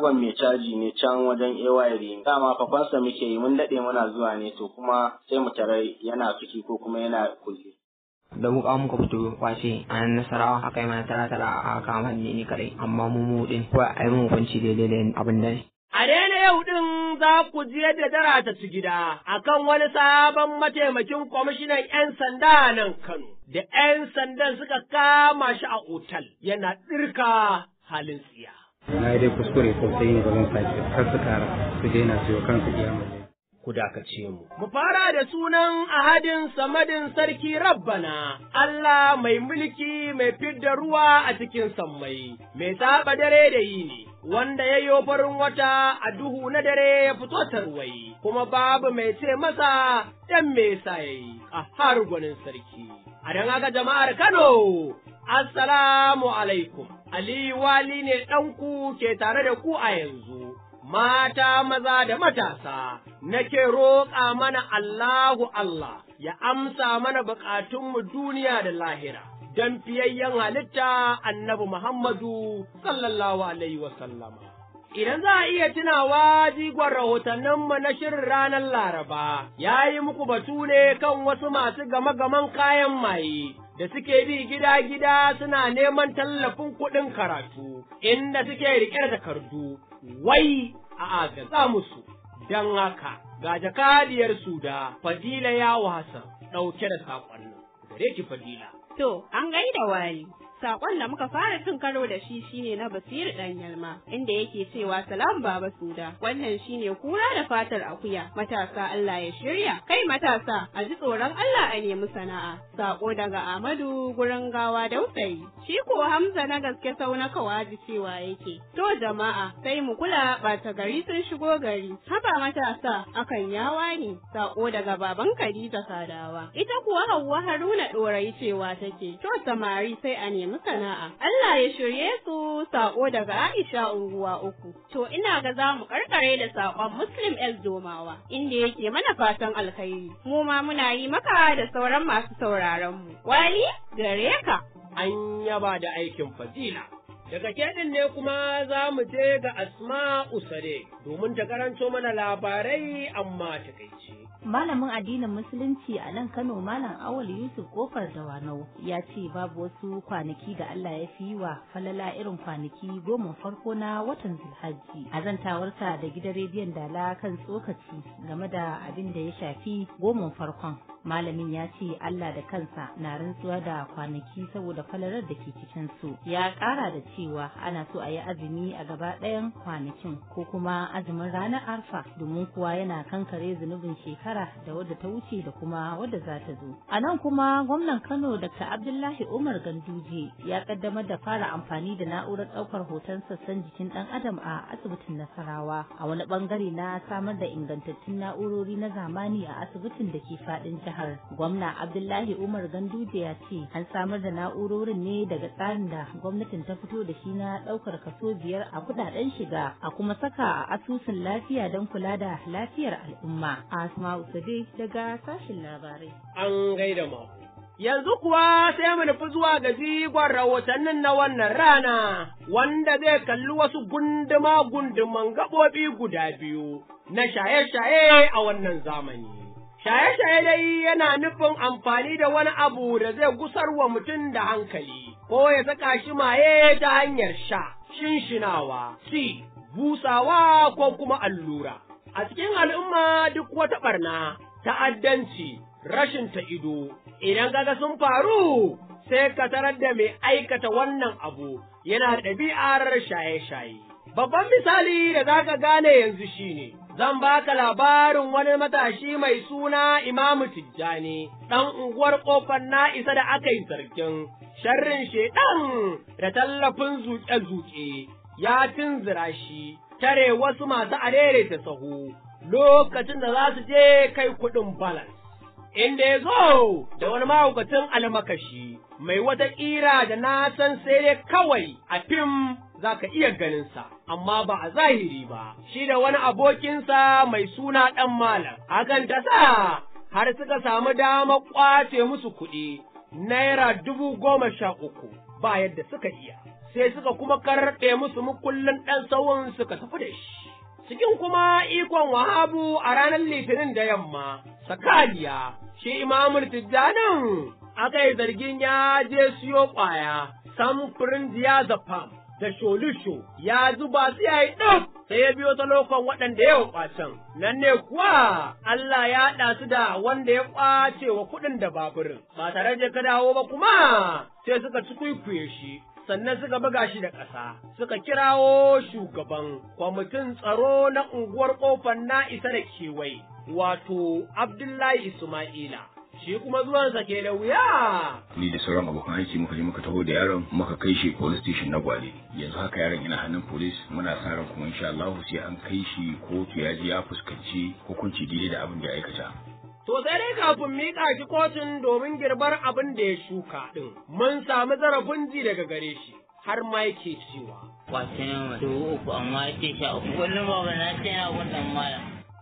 shagon mai caji ne can wajen AYR dama fafansa muke yi mun daɗe muna zuwa ne to kuma sai mu tare yana fiki ko kuma yana kulle. da wuka muka fito kwashe a nan nasarawa a kai mana tara tara a kamar ne ni kare amma mu mu din ko a yi mu hukunci daidai da abin da A daina yau din za ku je da dara ta ci gida a kan wani sabon mataimakin kwamishinan 'yan sanda nan Kano, da 'yan sandan suka kama shi a otal yana ɗirka halin tsiya. na yi dai kuskure sosai yin zaman sake har su kara su daina su kansu mu ku dakace mu mu fara da sunan ahadin samadin sarki rabbana Allah mai mulki mai fidda ruwa a cikin sammai mai saba dare da yi ne, wanda ya yi farin wata a duhu na dare ya fito tarwai kuma babu mai ce masa ɗan me sa yi, a har gwanin sarki a dan haka jama'ar Kano assalamu alaikum Ali wali ne ɗanku ke tare da ku a yanzu, mata maza da matasa, nake roƙa mana Allahu Allah ya amsa mana buƙatunmu duniya da lahira, don fiyayyen halitta annabi Muhammadu sallallahu Alaihi wasallama. Idan za a iya tunawa jigon rahotanninmu na shirin ranar Laraba, ya yi muku batu ne kan wasu masu gama-gaman kayan maye. da suke bi gida-gida suna neman tallafin kuɗin karatu, inda suke riƙe takardu, wai a agaza musu, don haka ga jakadiyar su da Fadila ya wasa ɗauke da saƙon nan. Gare ki Fadila. To, an gaida wali. Sakon da muka fara cin karo da shi shine na Basir dan Yalma inda yake cewa salam baba suda wannan shine kura da fatar akuya matasa Allah ya shirya kai matasa a ji tsoron Allah a nemi sana'a sako daga Amadu gurin gawa dausayi shi ko Hamza na gaske sau na kawaji cewa yake to jama'a sai mu kula ba gari sun shigo gari haba matasa akan yawa ne sako daga baban Khadija Sadawa ita kuwa Hauwa Haruna dorai cewa take to samari sai a nemi nemi sana'a. Allah ya shirye su saƙo daga Aisha unguwa uku. To ina ga za mu karkare da saƙon Muslim El domawa. inda yake mana fatan alkhairi. Mu ma muna yi maka da sauran masu sauraron mu. Wali gare ka. An yaba da aikin fadila. Daga keɗin ne kuma za mu je ga Asma'u Sare domin ta karanto mana labarai amma takaici. Malamin addinin Musulunci a nan Kano Malam Awal Yusuf Kofar Dawanau ya ce babu wasu kwanaki da Allah ya fi wa falala irin kwanaki goma farko na watan Zulhaji. A zantawarsa da gidan rediyon Dala kan tsokaci game da abin da ya shafi goma farkon. Malamin ya ce Allah da kansa na rantsuwa da kwanaki saboda falalar da ke cikin su. Ya kara da cewa ana so a yi azumi a gaba ɗayan kwanakin ko kuma azumin ranar Arfa domin kuwa yana kankare zunubin shekara shekara da wadda ta wuce da kuma wadda za ta zo. A nan kuma gwamnan Kano Dr. Abdullahi Umar Ganduje ya kaddamar da fara amfani da na'urar ɗaukar hoton sassan jikin ɗan adam a asibitin Nasarawa a wani ɓangare, na samar da ingantattun na'urori na zamani a asibitin da ke faɗin jihar. Gwamna Abdullahi Umar Ganduje ya ce an samar da na'urorin ne daga tsarin da gwamnatin ta fito da shi na ɗaukar kaso biyar a kuɗaɗen shiga a kuma saka a asusun lafiya don kula da lafiyar al'umma. Asma Hausa dai daga sashen labarai. An gaida ma Yanzu kuwa sai mu nufi zuwa ga jigon rahotannin na wannan rana, wanda zai kalli wasu gunduma gunduman gaɓoɓi guda biyu na shaye-shaye a wannan zamani. Shaye-shaye dai yana nufin amfani da wani abu da zai gusar wa mutum da hankali, ko ya saka shi maye ta hanyar sha, shinshinawa, si, busawa ko kuma allura. A cikin al'umma duk wata ɓarna, ta'addanci, rashin ta ido, idan kaga sun faru sai ka tarar da mai aikata wannan abu yana ɗabi'ar shaye-shaye. Babban misali da za ka gane yanzu shine. zan baka labarin wani matashi mai suna Imamu Tijjani, ɗan unguwar ƙofar na'isa da aka yi sarkin, sharrin shaiɗan da tallafin zuƙe-zuƙe, ya tunzura shi, tare wasu masu arere ta sahu lokacin da za su je kai kuɗin balance. Inda ya zo da wani mahaukacin almakashi mai wata ƙira da na san sai dai kawai a fim za ka iya ganinsa, amma ba a zahiri ba, shi da wani abokinsa mai suna ɗan malam. Hakan ta sa har suka samu dama ƙwace musu kuɗi naira dubu goma sha uku ba yadda suka iya. sai suka kuma karɗe musu mukullin ɗan sauwan suka tafi da shi. Cikin kuma ikon wahabu a ranar litinin da yamma, sakaliya, shi imamul tijjanin aka yi zargin ya je siyo ƙwaya, samfurin diazepam da sholisho ya zuba su ya yi ɗaf sai ya biyo ta lokon waɗanda ya ƙwacen. Nan ne kuwa Allah ya haɗa su da wanda ya ƙwace wa kuɗin da baburin, ba tare da ka dawo ba kuma sai suka ci kwikwiye shi. sannan suka buga shi da ƙasa, suka kirawo shugaban kwamitin tsaro na unguwar kofar na isa da kewaye, wato Abdullahi Ismaila. shi kuma zuwansa ke da wuya. Ni da sauran abokan aiki muka je muka taho da yaron muka kai shi police station na Gwale. Yanzu haka yaron yana hannun police muna sa ran kuma insha Allah sai an kai shi kotu ya je ya fuskanci hukunci daidai da abin da ya aikata. To sai dai kafin miƙa shi kotun domin girbar abin da ya shuka ɗin, mun sami zarafin ji daga gare shi, har ma yake cewa. Kwacin su uku amma yake sha uku, kullum ba na ce na gudun mala.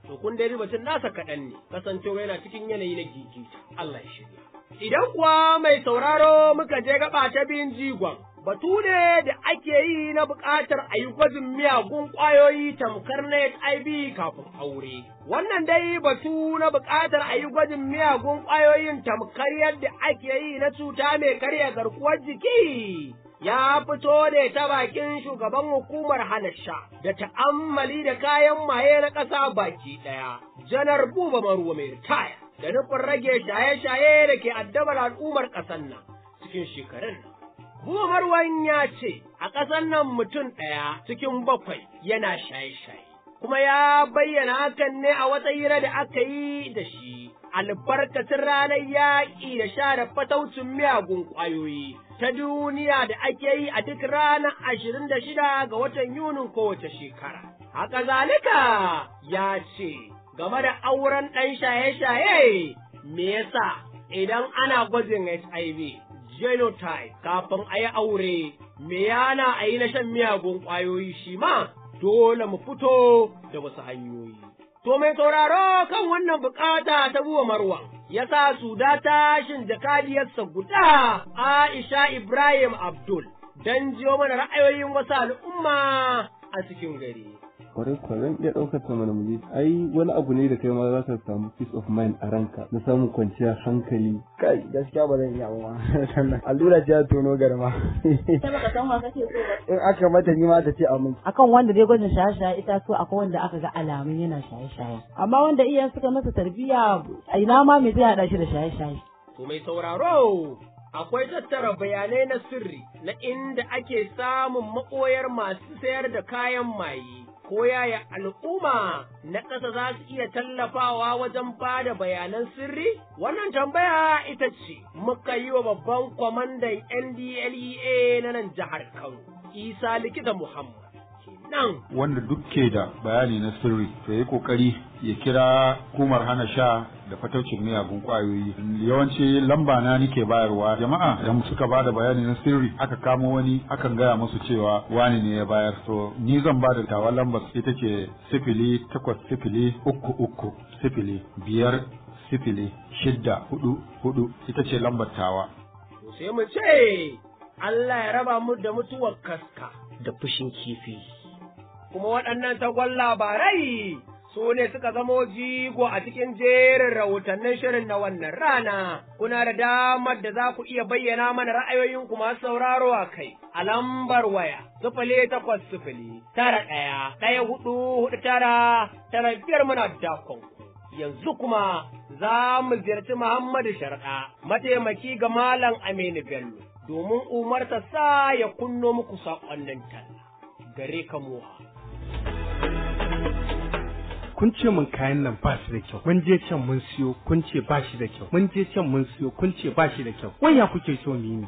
To kun dai ribacin nasa kaɗan ne, kasancewa yana cikin yanayi na gigita, Allah ya shirya. Idan kuwa mai sauraro muka je gaba ta biyun jigon, batu ne da ake yi na buƙatar a yi gwajin miyagun ƙwayoyi tamkar na HIV kafin aure. Wannan dai batu na buƙatar a yi gwajin miyagun ƙwayoyin tamkar yadda ake yi na cuta mai karya garkuwar jiki. Ya fito ne ta bakin shugaban hukumar halasha da ta'ammali da kayan maye na ƙasa baki ɗaya, Janar Buba Maruwa mai ritaya, da nufin rage shaye-shaye da ke addabar al'ummar ƙasar nan cikin shekarun nan. Kuma har ya ce, a ƙasar nan mutum ɗaya cikin bakwai yana shaye-shaye. Kuma ya bayyana hakan ne a wata hira da aka yi da shi, albarkacin ranar yaƙi da share fataucin miyagun ƙwayoyi ta duniya da ake yi a duk ranar ashirin da shida ga watan Yunin kowace shekara. Haka zalika ya ce, game da auren ɗan shaye-shaye, me yasa idan ana gwajin HIV genotype kafin a yi aure, me yana a yi na shan miyagun ƙwayoyi shi ma dole mu fito da wasu hanyoyi. To mai sauraro kan wannan bukata ta buwa marwa ya sa su da tashin jakadiyarsa guda Aisha Ibrahim Abdul, don jiyo mana ra'ayoyin wasu al'umma a cikin gari. kwarai kwarai zan iya ɗaukar ta mana muje ai wani abu ne da kai ma za ka samu peace of mind a ranka na samun kwanciyar hankali kai gaskiya ba zan iya ba sannan allura ce ya tono garma kake so ba in aka mata ni ma ta ce amin akan wanda dai gwajin shaye-shaye ita so akwai wanda aka ga alamun yana shaye-shaye amma wanda iya suka masa tarbiyya ina ma me zai haɗa shi da shaye-shaye to mai sauraro akwai tattara bayanai na sirri na inda ake samun makoyar masu sayar da kayan maye ko yaya al'umma na ƙasa za su iya tallafawa wajen ba da bayanan sirri? Wannan tambaya ita ce muka yi wa babban kwamandan NDLEA na nan jihar Kano, Isa Likita Muhammad. Nan. Wanda duk ke da bayani na sirri, ta yi ƙoƙari ya kira hukumar hana sha da fataucin miyagun kwayoyi yawanci lamba na nike bayarwa jama'a idan suka ba da bayani na sirri aka kamo wani akan gaya musu cewa wani ne ya bayar to ni zan ba da tawa lambar ita ce sifili takwas sifili uku uku sifili biyar sifili shidda hudu hudu ita ce lambar tawa. sai mu ce Allah ya raba mu da mutuwar kaska da fushin kifi kuma waɗannan tagon labarai su ne suka zamo jigo a cikin jerin rahotannin shirin na wannan rana. Kuna da damar da za ku iya bayyana mana ra'ayoyinku masu sauraro a kai a lambar waya sufuli takwas sufuli, tara ɗaya ɗaya hudu hudu tara tara biyar muna dakon. Yanzu kuma za mu ziyarci Muhammadu sharƙa mataimaki ga Malam Aminu Bello domin umarta sa ya kunno muku saƙonnin talla. Gare ka kun ce mun kayan nan ba shi da kyau mun je can mun siyo kun ce ba shi da kyau mun je can mun siyo kun ce ba shi da kyau wai ya kuke so mu yi ne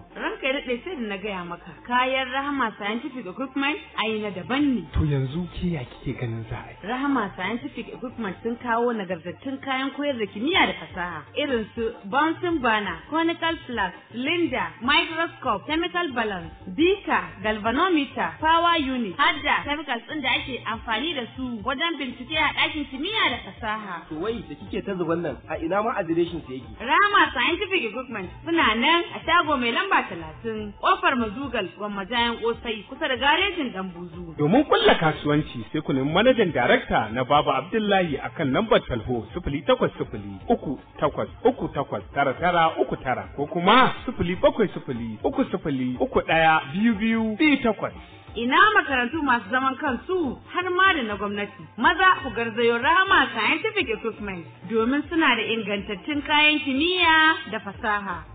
dai sai na gaya maka kayan rahama scientific equipment ai na daban ne to yanzu ke ya kike ganin za a rahama scientific equipment sun kawo nagartattun kayan koyar da kimiyya da fasaha irin su bouncing burner conical flask cylinder microscope chemical balance beaker galvanometer power unit hadda chemicals din da ake amfani da su wajen bincike a ɗakin kimiyya da fasaha to wai da kike ta zuban nan a ina ma adireshin su yake rahama scientific equipment suna nan a shago mai lamba talatin kofar Mazugal, Gwamma Jayan Kosai, kusa da garejin Dan Buzu. Domin kulla kasuwanci sai ku nemi manajan darakta na Baba Abdullahi akan lambar talho sifili takwas sifili uku takwas uku takwas tara tara uku tara ko kuma sifili bakwai sifili uku sifili uku ɗaya biyu biyu biyu takwas. ina makarantu masu zaman kansu har ma da na gwamnati maza ku garzayo rama scientific equipment domin suna da ingantattun kayan kimiyya da fasaha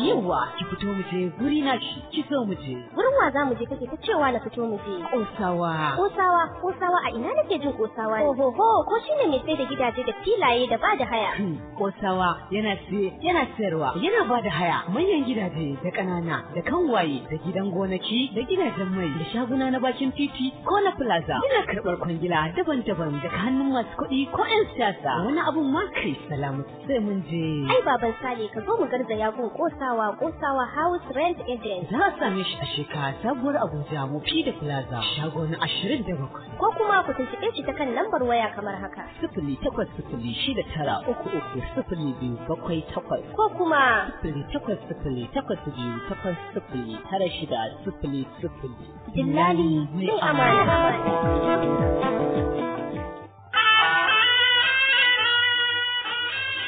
You are. fito mu je guri na shi ki so mu je gurin wa zamu je kake ta cewa na fito mu je kosawa kosawa kosawa a ina nake jin kosawa ne ho ho ko shine mai sai da gidaje da filaye da ba da haya hmm, kosawa yana ce yana sayarwa yana ba da haya manyan gidaje da kanana da kanwaye da gidan gonaki da gidajen mai da shaguna na bakin titi ko na plaza ina karbar kwangila daban-daban daga hannun masu kuɗi ko 'yan siyasa wani abun ma kai salamu sai mun je ai baban sale ka zo mu garzaya gun kosawa kosawa our house rent agent. Za a same shi a shekara sabuwar Abuja Mofi da Plaza shago na ashirin da bakwai. Ko kuma ku tuntuɓe shi ta kan lambar waya kamar haka. Sifili takwas sifili shida tara uku uku sifili biyu bakwai takwas. Ko kuma. Sifili takwas sifili takwas biyu takwas sifili tara shida sifili sifili. Dillali mai amana.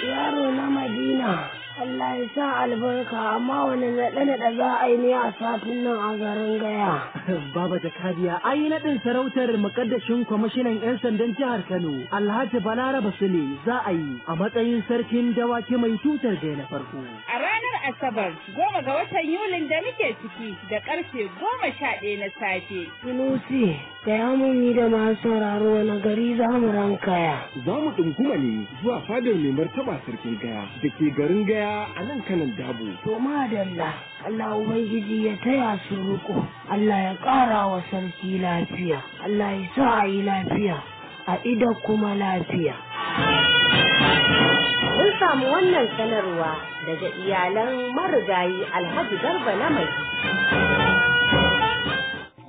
Yaro na Madina. Allah ya sa albarka amma wani naɗe-naɗe za a yi ne a safin nan a garin gaya. Baba Jakadiya an yi naɗin sarautar makaddashin kwamishinan 'yan sandan jihar Kano Alhaji Balaraba Sule za a yi a matsayin sarkin dawaki mai cutar da na farko. A ranar Asabar goma ga watan Yulin da muke ciki da karfe goma sha ɗaya na safe. Sunusi da yamuni da masu sauraro na gari za mu rankaya. Za mu ɗunguma ne zuwa fadar mai martaba sarkin gaya da ke garin gaya ɗaya a nan kanan dabo. To madalla, Allah Ubangiji ya taya su riko, Allah ya ƙara wa sarki lafiya, Allah ya sa a yi lafiya, a ida kuma lafiya. Mun samu wannan sanarwa daga iyalan marigayi Alhaji Garba na mai.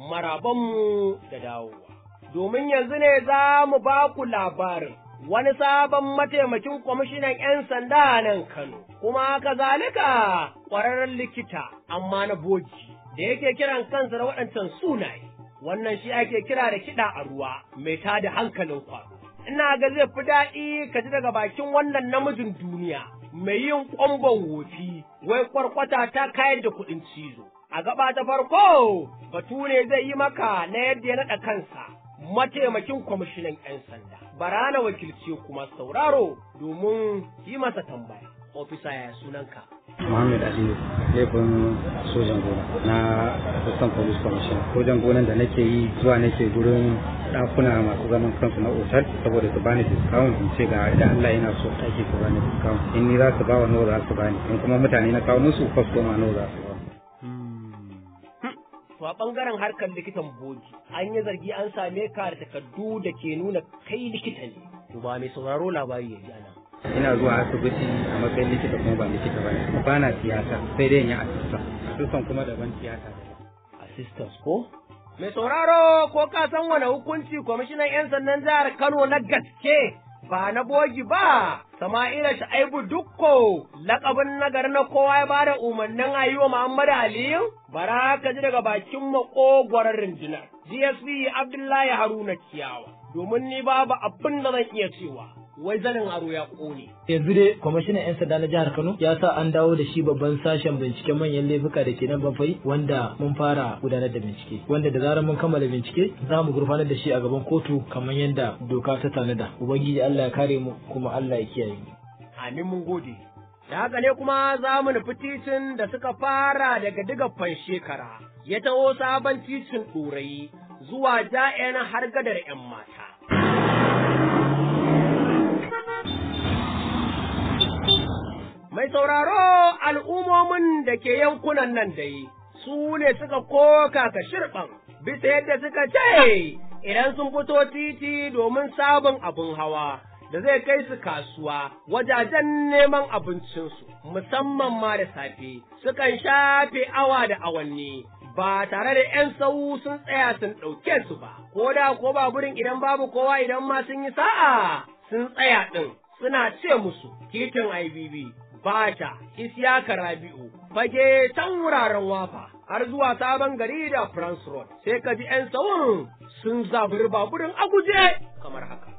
Marabanmu da dawowa. Domin yanzu ne za mu ba ku labarin. wani sabon mataimakin kwamishinan 'yan sanda nan Kano, kuma haka zalika ƙwararren likita amma na boji da yake kiran kansa da waɗancan sunaye. Wannan shi ake kira da kiɗa a ruwa mai tada hankalin kwaro. Ina ga zai fi daɗi ka ji daga bakin wannan namijin duniya mai yin ƙwamban wofi wai kwarkwata ta kayan da kuɗin cizo. A gaba ta farko, batu ne zai yi maka na yadda ya naɗa kansa mataimakin kwamishinan 'yan sanda. bara na wakilce kuma sauraro domin yi masa tambaya. Ofisa ya sunanka. Muhammad Aliyu, laifin sojan gona na Assistant Police Commission. Sojan gonan da nake yi zuwa nake gurin ɗakuna masu zaman kansu na otal saboda su bani discount in ce ga idan Allah yana so take su bani discount. In ni za su ba wa nawa za su bani, in kuma mutane na kawo musu kwas goma nawa za su ba. To a ɓangaren harkar likitan bogi, an yi zargi an same ka da takardu da ke nuna kai likita ne. To ba mai sauraro labari ya ji ana. Ina zuwa asibiti a matsayin likita kuma ba likita ba ne. Ba na siyasa sai dai in yi asistan. Asistan kuma daban siyasa. Asistan ko? Mai sauraro ko ka san wani hukunci kwamishinan 'yan sandan jihar Kano na gaske ba na bogi ba, Sama'ila Sha'aibu Dukko, laƙabin nagari na kowa ya ba da umarnin a yi wa Muhammadu Aliyu, bara ka ji daga bakin makogwar rundunar. DSP Abdullahi Haruna Kiyawa, domin ni babu abin da zan iya cewa. wai zanin aro ya kone. Yanzu dai kwamishinan 'yan sanda na jihar Kano ya sa an dawo da shi babban sashen binciken manyan laifuka da ke nan bafai wanda mun fara gudanar da bincike wanda da zarar mun kammala bincike za mu gurfanar da shi a gaban kotu kamar yadda doka ta tanada. Ubangiji Allah ya kare mu kuma Allah ya kiyaye mu. Amin mun gode. Da haka ne kuma za mu nufi titin da suka fara daga digaffan shekara ya taho sabon titin ɗorayi zuwa ja'yan har gadar 'yan mata. Mai sauraro al'ummomin da ke yankunan nan dai, su ne suka koka ka shirɓan, bisa yadda suka ce, idan sun fito titi domin sabon abin hawa. Da zai kai su kasuwa wajajen neman abincinsu, musamman ma da safe, sukan shafe awa da awanni, ba tare da ‘yan sau sun tsaya sun ɗauke su ba, ko da ko baburin idan babu kowa idan ma sun yi sa'a sun tsaya ɗin suna ce musu titin IBB Fata, Isiyaka Rabi'u, fage tan wuraren wafa, har zuwa sabon gari da France Road, sai ka ji ‘yan tsawon sun zaburi baburin a guje kamar haka.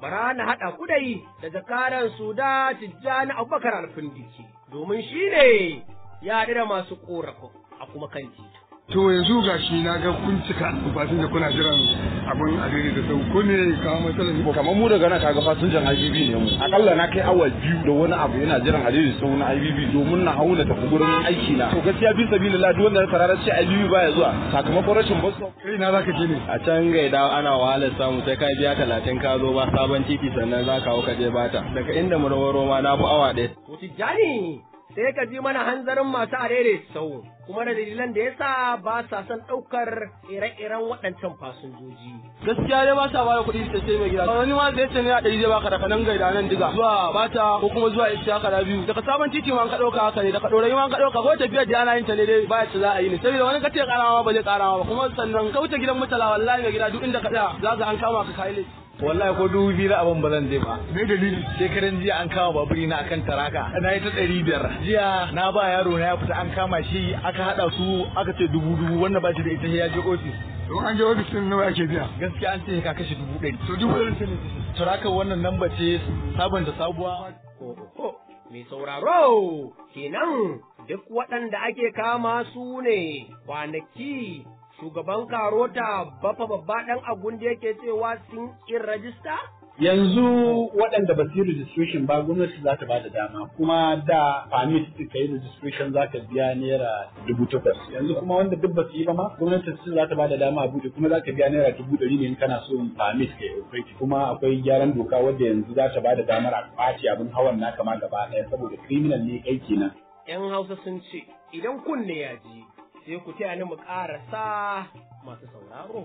Bara na haɗa kudai da zakaran Suda Tijjani Abubakar Alfindiki, domin shi ne ya da masu ƙorafin a kuma kanti titi. to yanzu ga shi na ga kun cika fasinja kuna jiran abin adiri da sau ko ne kawo matsalar ko kamar mu daga nan kaga fasin jan IBB ne mu akalla na kai awa biyu da wani abu yana jiran adiri sau na IBB domin na hauna tafi gurin aiki na to gaskiya bi sabilillah duk wanda na tarara ce IBB baya zuwa sakamakon rashin bus stop kai na zaka je ne a can gaida ana wahalar samu sai kai biya talatin ka zo ba sabon titi sannan zaka hau ka je bata daga inda mu rawaro ma na fi awa ɗaya. Tijjani sai ka ji mana hanzarin masu arere sau kuma da dalilan da yasa ba sa son ɗaukar ire-iren waɗancan fasinjoji. Gaskiya dai ba sa bada kuɗi sai sai mai gida. Wani ma da ya sani a ɗari zai baka daga nan gaida nan diga zuwa bata ko kuma zuwa ita haka da biyu. Daga sabon titi ma ka ɗauka haka ne daga ɗorayi ma ka ɗauka ko tafiya da ana yin ta ne dai ba ta za a yi ne. Sabida wani ka ce ƙarawa ba zai karawa ba kuma sannan ka gidan mutala wallahi mai gida duk inda ka ɗaya za ka an kama ka kai laifi. wallahi ko dubu biyu za a ban bazan je ba me dalili shekaran jiya an kama baburi na akan taraka na yi ta ɗari biyar jiya na ba yaro na ya fita an kama shi aka haɗa su aka ce dubu dubu wanda ba shi da ita ya je ofis to an je ofis din nawa ake biya gaskiya an ce ka kashe dubu ɗari to dubu ɗari ne. taraka wannan namba ce sabanta sabuwa mai sauraro kenan duk waɗanda ake kama su ne kwanaki shugaban karota bafa babba ɗan agun da yake cewa sun in rajista? Yanzu waɗanda ba su yi registration ba gwamnati za ta ba da dama kuma da permit ka yi registration za ka biya naira dubu takwas yanzu kuma wanda duk ba su yi ba ma gwamnati su za ta ba da dama a buɗe kuma za ka biya naira dubu ɗari ne in kana so permit ka yi kuma akwai gyaran doka wadda yanzu za ta ba da damar a ɓaci abin hawan na kama gaba ɗaya saboda criminal ne kai kenan. 'Yan Hausa sun ce idan kunne ya ji sai ku taya ni mu ƙarasa masu sauraro.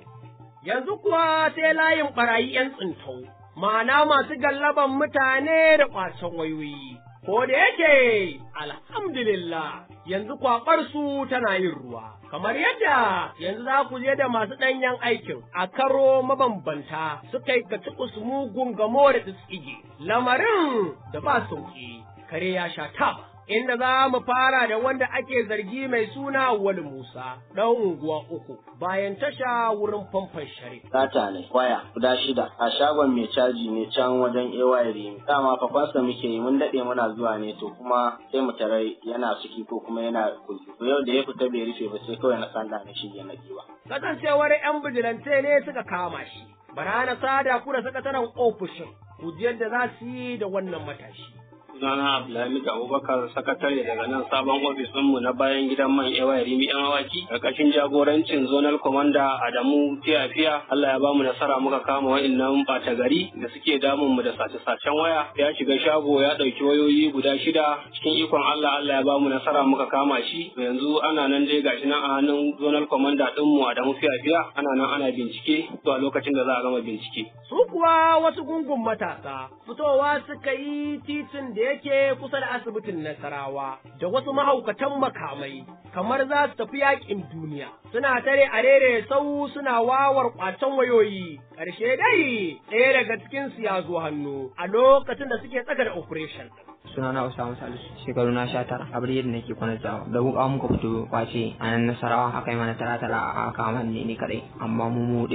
Yanzu kuwa sai layin ɓarayi ‘yan tsintau, ma'ana masu gallaban mutane da ƙwacen wayoyi. Ko da yake, alhamdulillah, yanzu kwaɓar su tana yin ruwa. Kamar yadda yanzu za ku je da masu ɗanyen aikin a karo mabambanta suka yi ga su mugun gamo da tsige, lamarin da ba sauƙi, kare ya sha taba. inda za mu fara da wanda ake zargi mai suna wani Musa, ɗan unguwa uku, bayan tasha wurin famfon shari. Sata ne, waya, guda shida, a shagon mai caji ne can wajen AY Rimi. Dama fafansa muke yi mun daɗe muna zuwa ne to kuma sai mu tare yana ciki ko kuma yana kulki. To yau da ya fita bai rufe ba sai kawai na sanda na shige na giwa. Kasancewar 'yan bijilance ne suka kama shi. Bara na sada ku sakataren ofishin, kujiyar da za su yi da wannan matashi. Sunana Abdulhamid Abubakar sakatare daga nan sabon ofis mu na bayan gidan man Ewa Rimi yan awaki karkashin jagorancin zonal komanda Adamu Tiyafiya Allah ya bamu nasara muka kama wa'annan bata gari da suke damun mu da sace-sacen waya ya shiga shago ya ɗauki wayoyi guda shida cikin ikon Allah Allah ya bamu nasara muka kama shi yanzu ana nan dai gashi nan a hannun zonal komanda ɗinmu Adamu Tiyafiya ana nan ana bincike zuwa lokacin da za a gama bincike. Su kuwa wasu gungun matasa fitowa suka yi titin da yake kusa da asibitin Nasarawa da wasu mahaukatan makamai kamar za su tafi yakin duniya. Suna tare a rere sau suna wawar kwacen wayoyi, ƙarshe dai ɗaya daga su ya zo hannu a lokacin da suke tsaka da operation. sunana Usama Salisu shekaru na sha tara a yadda da nake kwana zawa. da wuka muka fito kwace a nan nasarawa aka yi mana tara tara a kamar ne ni kadai amma mu mu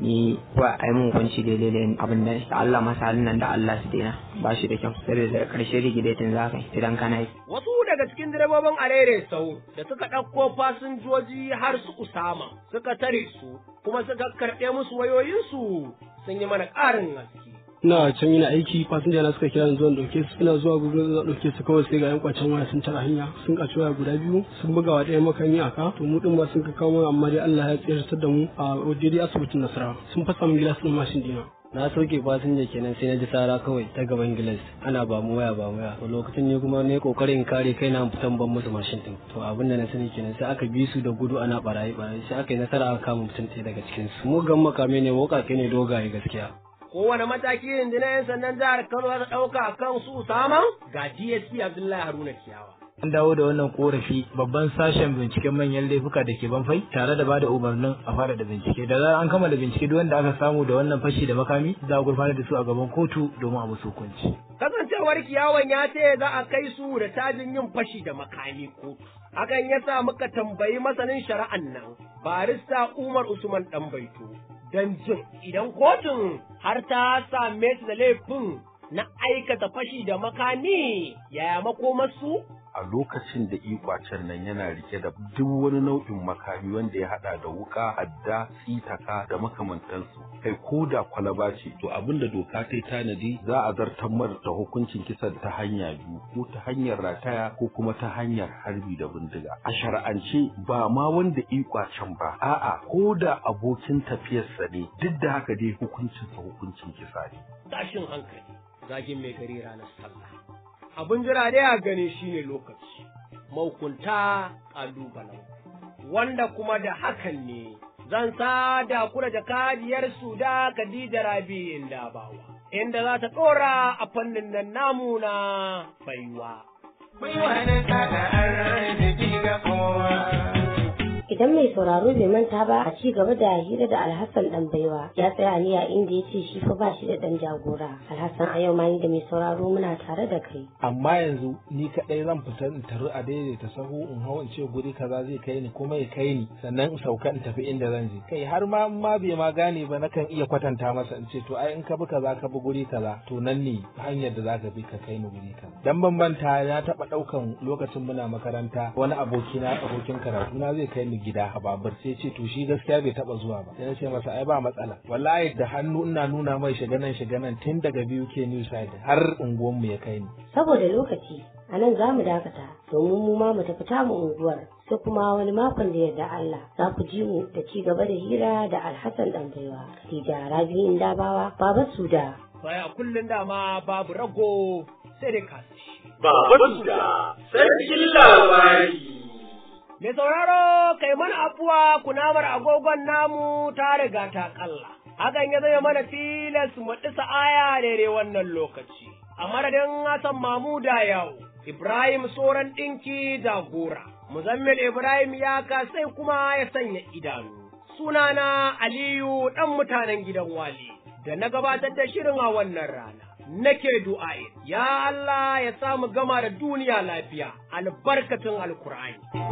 ni ko a yi mun hukunci da lele abin da da Allah masa halin nan da Allah su daina ba shi da kyau sai da karshe rigidetin za ka idan kana yi wasu daga cikin direbobin arere sau da suka ɗauko fasinjoji har su kusama, suka tare su kuma suka karɓe musu wayoyinsu sun yi mana ƙarin gaske ina can yana aiki fasinja na suka kira ni zuwa dauke su ina zuwa gugu zuwa ɗauke su kawai sai ga yan kwacen waya sun tara hanya sun kaci waya guda biyu sun buga wa ɗaya makami a ka to mu din sun ka kawo amma dai Allah ya tsirtar da mu a wajen asibitin Nasarawa sun fasa min gilasin mashin dina na sauke fasinja kenan sai na ji sara kawai ta gaban gilas ana ba mu waya ba mu waya lokacin ne kuma ne kokarin kare kai na fitan ban musu mashin din to abin da na sani kenan sai aka bi su da gudu ana barayi barayi sai aka yi nasara aka kama mutum daga cikin su mu gan makami ne wokake ne dogaye gaskiya kowane mataki rundunar 'yan sandan jihar Kano za a ɗauka kan su saman ga DSP Abdullahi Haruna Kiyawa. An dawo da wannan korafi babban sashen binciken manyan laifuka da ke banfai tare da bada umarnin a fara da bincike da zarar an kammala bincike duk wanda aka samu da wannan fashi da makami za a gurfanar da su a gaban kotu domin a musu hukunci. Kasancewar kiyawan ya ce za a kai su da tajin yin fashi da makami kotu. Hakan ya sa muka tambayi masanin shari'an nan barista Umar Usman Ɗanbaito. don jin idan kotun har ta same su da laifin na aikata fashi da makani yaya makomarsu? a lokacin da ikwacen nan yana rike da duk wani nau'in makami wanda ya hada da wuka adda tsitaka da makamantansu kai ko da kwalaba ce to abin da doka ta tanadi za a zartar mar da hukuncin kisan ta hanya biyu ko ta hanyar rataya ko kuma ta hanyar harbi da bindiga a shar'ance ba ma wanda ikwacen ba a'a ko da abokin tafiyarsa ne duk da haka dai hukuncin sa hukuncin kisa ne tashin hankali zagin mai gari ranar sallah abin jira dai a shi shine lokaci maukunta ƙalubalen wanda kuma da hakan ne zan sa da kula da kadiyar su da Khadija Rabi inda bawa inda za ta ɗora a fannin nan namu na baiwa baiwa nan tsada an ga kowa idan mai sauraro bai manta ba a ci gaba da hira da alhassan dan baiwa ya tsaya ni a inda ya ce shi fa ba shi da dan jagora alhassan a yau ma da mai sauraro muna tare da kai amma yanzu ni kadai zan fita in taru a daidaita sahu in hau in ce guri kaza zai kai ni kuma ya kai ni sannan in sauka in tafi inda zan je kai har ma ma bai ma gane ba nakan iya kwatanta masa in ce to ai in ka bi kaza ka bi guri kaza to nan ne hanyar da za ka bi ka kai ni guri kaza dan banbanta ya taba ɗaukan lokacin muna makaranta wani abokina abokin karatu na zai kai ni gida a babur sai ce to shi gaskiya bai taba zuwa ba sai ce masa ai ba matsala wallahi da hannu ina nuna mai shiga nan shiga nan tun daga ke New Side har unguwar mu ya kai ni saboda lokaci a nan za mu dakata domin mu ma mu tafi tamu unguwar sai kuma wani makon da yarda Allah za ku ji mu da ci gaba da hira da Alhassan dan baiwa Khadija Rabi'in Dabawa Baba Suda baya kullun dama babu rago sai dai kasu Baba Suda sarkin labari Mai sauraro kai mana afuwa kunamar agogon namu ta riga ta kalla. Hakan ya zama mana tilas mu ɗisa aya daidai wannan lokaci. A madadin Hassan Mamuda yawo, Ibrahim Soran ɗinki jagora. Muzammil Ibrahim ya ka sai kuma ya sanya idanu. Sunana Aliyu ɗan mutanen gidan wali da na gabatar da shirin a wannan rana. Nake du'a'i, ya Allah ya samu gama da duniya lafiya, albarkatun Alkur'ani.